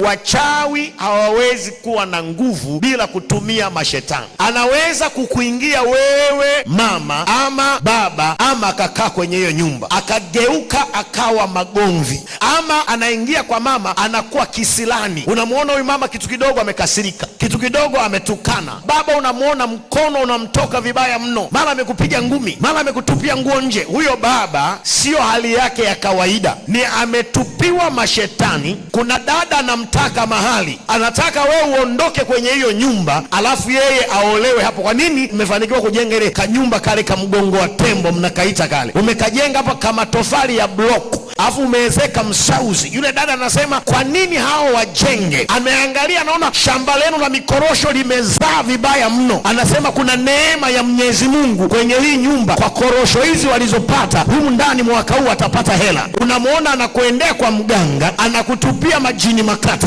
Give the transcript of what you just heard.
Wachawi hawawezi kuwa na nguvu bila kutumia mashetani. Anaweza kukuingia wewe mama ama baba akakaa kwenye hiyo nyumba, akageuka akawa magomvi, ama anaingia kwa mama anakuwa kisilani. Unamwona huyu mama kitu kidogo amekasirika, kitu kidogo ametukana. Baba unamwona mkono unamtoka vibaya mno, mara amekupiga ngumi, mara amekutupia nguo nje. Huyo baba siyo hali yake ya kawaida, ni ametupiwa mashetani. Kuna dada anamtaka mahali, anataka wewe uondoke kwenye hiyo nyumba, alafu yeye aolewe hapo. Kwa nini? Mmefanikiwa kujenga ile kanyumba kale kamgongo wa tembo mnakaita kale, umekajenga hapa kama tofali ya bloku, alafu umewezeka msauzi. Yule dada anasema kwa nini hao wajenge? Ameangalia anaona shamba lenu la mikorosho limezaa vibaya mno. Anasema kuna neema ya Mwenyezi Mungu kwenye hii nyumba, kwa korosho hizi walizopata humu ndani, mwaka huu atapata hela. Unamwona anakuendea kwa mganga, anakutupia majini makata